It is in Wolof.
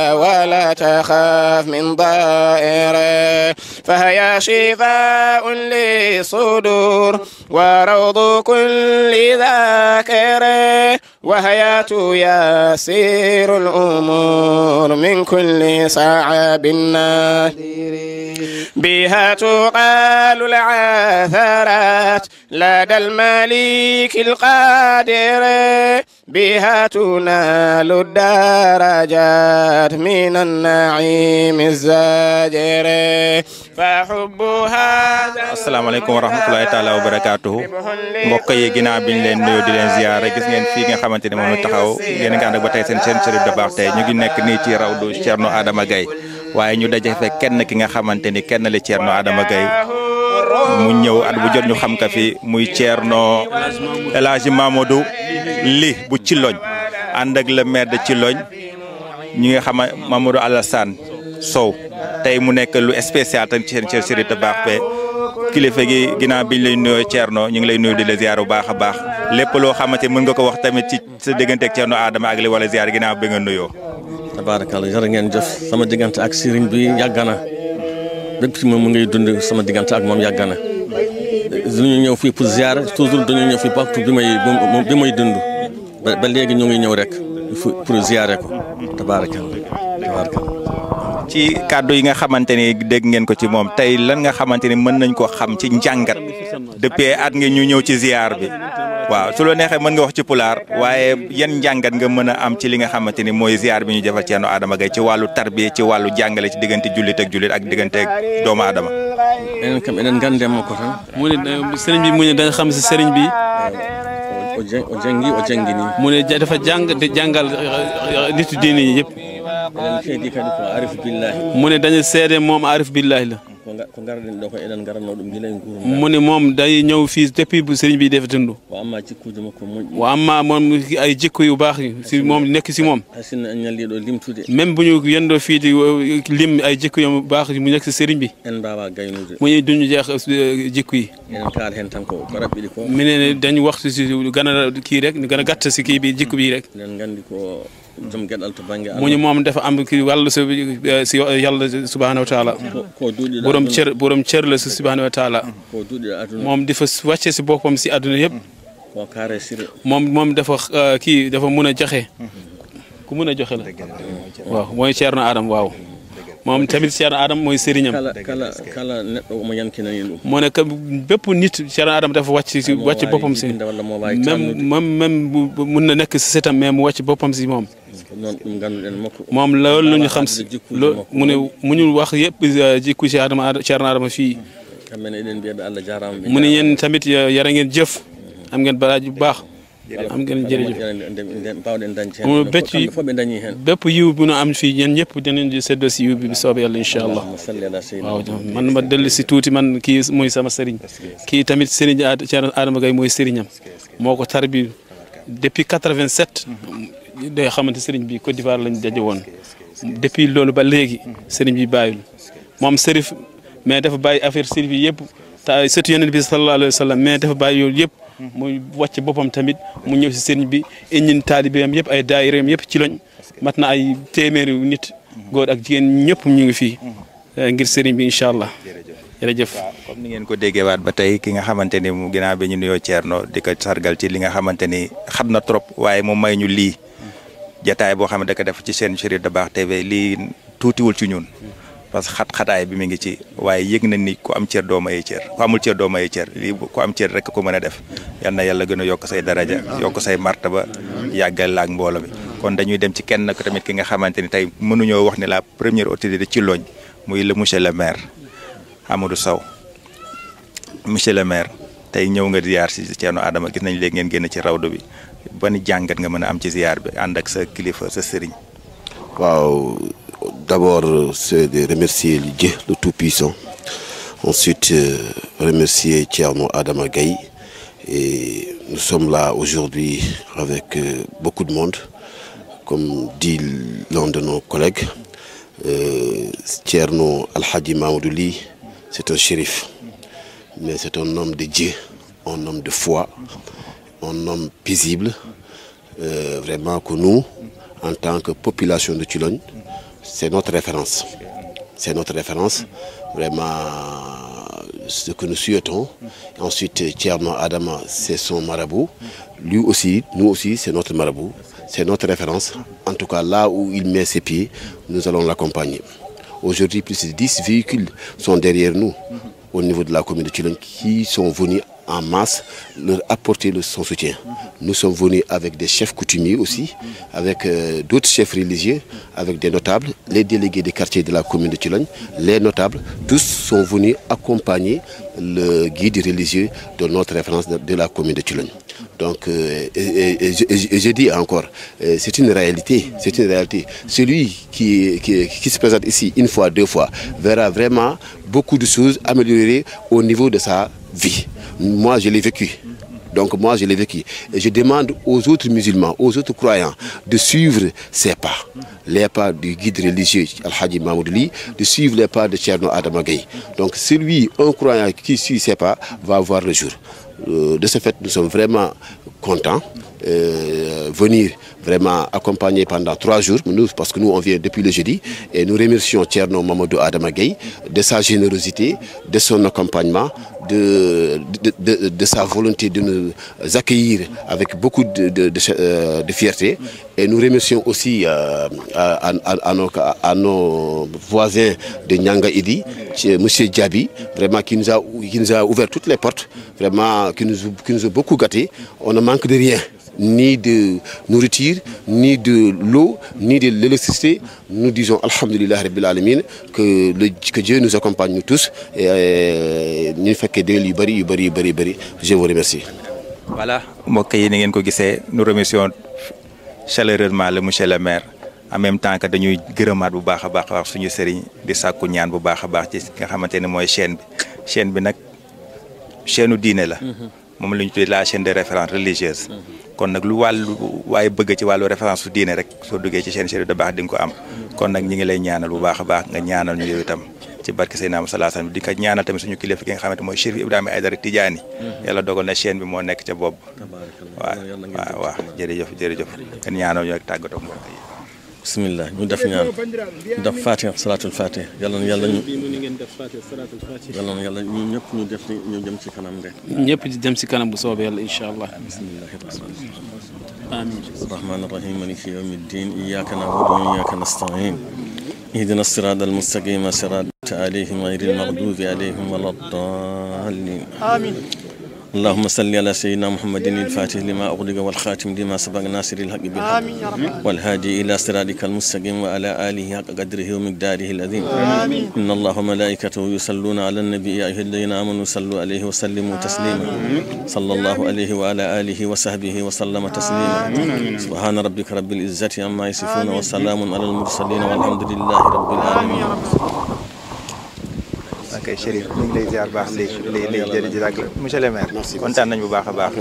ولا تخاف من ضائر فهيا شفاء للصدور وروض كل ذاكر وهيا تيسير الأمور من كل صعب نادر بها تقال العثرات لدى المليك القادر بها تنال الدرجات من النعيم الزاجر فحبها asalaamaaleykum wa rahmatulahi taala wa barakaatuhu mbokk yi ginnaaw bi ñu leen nuyu di leen ziyaare gis ngeen fii nga xamante ne moom la taxaw yéen a ngi ànd ak ba tey seen seen Cherif Dabakh tey ñu ngi nekk nii ci raw rawdu Thierno Adama gay waaye ñu daje fekk kenn ki nga xamante ni kenn la Thierno Adama gay mu ñëw at bu jot ñu xam ka fi muy Thierno El Hadji Mamadou Ly bu Ciloñ ànd ak le maire de Ciloñ ñi nga xam Mamadou Alassane Sow tey mu nekk lu spécial tam ci seen cër sëriñ baax pe kilifa gi ginnaaw biñ lay nuyoo noo ñu ngi lay nuyu di la ziar bu baax a baax lépp loo xamante mën nga ko wax tamit ci sa diggante ak Thierno Adama ak li wala ziar ginnaaw bi nga nuyoo. tabaarkalla jërë sama diggante ak sëriñ bi yàgg bépp ci moom mu ngay dund sama diggante ak moom yàgg na dañu ñëw fii pour ziar toujours dañu ñëw fii pour bi may bi may dund ba léegi ñu ngi ñëw rek pour ziare ko tabaaraka tabaaraka ci kàddu yi nga xamante ni dégg ngeen ko ci moom tey lan nga xamante ni mën nañ ko xam ci njàngat depuis at nga ñu ñëw ci ziar bi waaw su la neexee mën nga wax ci pulaar waaye yan njàngat nga mën a am ci li nga xamante ni mooy ziar bi ñu defal Thierno Adama Gaye ci wàllu tarbiya ci wàllu jàngale ci diggante jullit ak jullit ak diggante doomu aadama. enen kam enen gande makko tan mu ne sëriñ bi mu ne da xam si sëriñ bi o jàngi o mu ne dafa jàng te jàngal uh, nitu diine yi yëpp enen keydi kadi ko arif billahi moni dañi seede moom arif billahi la ko garɗen ɗo ko eɗen garanno ɗum guila e guur moni moom dañi ñaw fii depuis sérigne mbi defeten ɗum o amma jikkuji makko moƴƴi o amma moom ay jikku yu baax si moom nekk si moom hasin en ñalliɗo limtude même buñu yendo fiide uh, lim ay jikku yu baax mu nekk si sérigne bi en mbawa gaynude muñi duñu jeex uh, uh, jikku yi enen kaal hen tan ko ko raɓɓiɗi ko minen dañi waxtu si gana kii rek gana gatta si kii bi jikku bi rek eɗen gandi ko muñu moom dafa am ki wàllu si si yàlla subhanahu wa taala borom cër borom cër la si subhanahu wa taala moom dafa wàcce si boppam si àdduna yëpp moom moom dafa uh, kii dafa mun a joxe ku mun a joxe la waaw mooy na Adam waaw moom tamit Ceerno Adam mooy sëriñam moo ne que bépp nit Ceerno Adam dafa wàcc si wàcc boppam si même même même mun na nekk si setam mais mu wàcc boppam si moom moom loolu la ñu xam si loo mu ne mu ñu wax yëpp jikku si Adama Thierno fii mu ne yéen tamit yara ngeen jëf mm-hmm. am ngeen baraaj bu baax am ngeen jërëjëf mu bécc bépp yiw bu nu am fii ñeen ñëpp dinañ di seddoo si yiw bi bi soobee yàlla incha allah waaw man ma dellu si tuuti man kii mooy sama sëriñ kii tamit sëriñ Thierno Adama Gaye mooy sëriñam moo ko tarbi depuis 87 day xamante sëriñ bi Côte d'Ivoire lañ daje woon depuis loolu ba léegi sëriñ bi bàyyil moom sërif mais dafa bàyyi affaire sërif yi yëpp te sëtu yeneen bi sallallahu alayhi wa sallam mais dafa bàyyi yooyu yëpp mu wàcc boppam tamit mu ñëw si sëriñ bi iñin taalibeem yëpp ay daayireem yëpp ci loñ mat na ay téeméeri nit góor ak jigéen ñëpp ñu ngi fii eh, ngir bi incha allah jërëjëf waaw comme ni ngeen ko déggee ba tey ki nga xamante ni mu ginnaaw bi ñu nuyoo Thierno di ko sargal ci li nga xamante ni jataay boo xam ne da def ci seen chaîne Chérif Dabakh TV lii tuutiwul ci ñun parce que xat-xataay bi mu ngi ci waaye yëg na ni ku am cër doo maye cër ku amul cër doo maye cër lii ku am cër rek ko mën a def yal na yàlla gën a yokk say daraja yokk say martaba yàggal laak mbooloo bi kon dañuy dem ci kenn ko tamit ki nga xamante ni tey mënuñoo wax ne la première autorité ci Lognes muy le monsieur le maire Amadou saw monsieur le maire tey ñëw nga ziar si Thierno aadama gis nañ léegi ngeen génn ci rawdu bi ban jàngat nga mën a am ci ziar bi ànd ak sa kilifa sa sëriñ. waaw d'abord c'est de remercier Dieu le Tout-Puissant ensuite euh, remercier Thierno Adama Gaye et nous sommes là aujourd'hui avec euh, beaucoup de monde comme dit l'un de nos collègues euh, Thierno Alhaji Mamadou c'est un shérif mais c'est un homme de Dieu un homme de foi un homme paisible, euh, vraiment que nous, en tant que population de Tulogne, c'est notre référence. C'est notre référence, vraiment ce que nous souhaitons. Ensuite, Tierno Adama, c'est son marabout. Lui aussi, nous aussi, c'est notre marabout. C'est notre référence. En tout cas, là où il met ses pieds, nous allons l'accompagner. Aujourd'hui, plus de 10 véhicules sont derrière nous au niveau de la commune de Tulogne qui sont venus en masse, leur apporter le, son soutien. Nous sommes venus avec des chefs coutumiers aussi, avec euh, d'autres chefs religieux, avec des notables, les délégués des quartiers de la commune de Tilogne, les notables, tous sont venus accompagner le guide religieux de notre référence de, de la commune de Tilogne. Donc, euh, et, je dis encore, euh, c'est une réalité, c'est une réalité. Celui qui, qui, qui se présente ici une fois, deux fois, verra vraiment beaucoup de choses améliorées au niveau de sa vie. Moi, je l'ai vécu. Donc moi, je l'ai vécu. Et je demande aux autres musulmans, aux autres croyants, de suivre ces pas. Les pas du guide religieux Al-Hadi Mahmoud de suivre les pas de Tcherno Adamagay. Donc celui, un croyant qui suit ces pas, va voir le jour. Euh, de ce fait, nous sommes vraiment contents. euh, venir vraiment accompagner pendant trois jours, nous, parce que nous, on vient depuis le jeudi, et nous remercions Tcherno Mamadou Adama Gueye de sa générosité, de son accompagnement, de, de, de, de, sa volonté de nous accueillir avec beaucoup de, euh, fierté. Et nous remercions aussi euh, à, à, nos, voisins de Nyanga Idi, monsieur Djabi, vraiment qui nous, a, qui nous ouvert toutes les portes, vraiment qui nous, qui nous a beaucoup gâtés. On ne manque de rien. nii de nourriture, nii de l'eau, nii de l'électricité. Nous disons Alhamdulillah Rabbil Alamin que, le, que Dieu nous accompagne nous tous. Et, euh, ñu fekkee day yu bëri yu bëri yu bëri yu bëri je vous remercie. voilà mbokk yi ni ngeen ko gisee nous remercions chaleureusement le monsieur le maire en même temps que dañuy gërëmaat bu baax a baax wax suñu sëriñ di sàkku ñaan bu baax a baax ci nga xamante ne mooy chaîne bi chaîne bi nag chaîne diine la. Mm-hmm. moom lañu ñu tuddee la chaîne de référence religieuse. kon nag lu wàllu waaye bëgg ci wàllu référence su diine rek soo duggee ci chaîne Chérif Dabakh di nga ko am. kon nag ñu ngi lay ñaanal bu baax a baax nga ñaanal ñu yow itam. ci barke Seydina Muhammad sallallahu alayhi wasallam di ñaanal tamit suñu kilifa ki nga xamante mooy Chérif Ibrahima Aïdara Tidiane. Mm-hmm. yàlla dogal na chaîne bi moo nekk ca bopp. waaw waaw waaw jërëjëf jërëjëf. ngeen ñaanal ñoo ak tàggatoo mbokk yi bisimilah ñu def ñaan def fatiha salatul fatiha yàlla na yàlla ñu yàlla na yàlla ñu ñëpp ñu def ñu jëm ci kanam de ñëpp di dem ci kanam bu soobee yàlla incha allah bisimilahi rahmaan amin rahmaan rahim maliki yawmi ddin iyyaka na'budu wa iyyaka nasta'in ihdina sirata almustaqima sirata alayhim ghayril maghdubi alayhim wala ddaalin amin اللهم صل على سيدنا محمد الفاتح لما أغلق والخاتم لما سبق ناصر الحق بالحق والهادي إلى صراطك المستقيم وعلى آله حق قدره ومقداره العظيم إن الله وملائكته يصلون على النبي أيها الذين آمنوا صلوا عليه وسلموا تسليما صلى الله عليه وعلى آله وصحبه وسلم تسليما سبحان ربك رب العزة عما يصفون وسلام على المرسلين والحمد لله رب العالمين kay Chérif ñu ngi lay ziar baax di lay lay jërëjëf ak monsieur le maire kontaan nañ bu baax a baax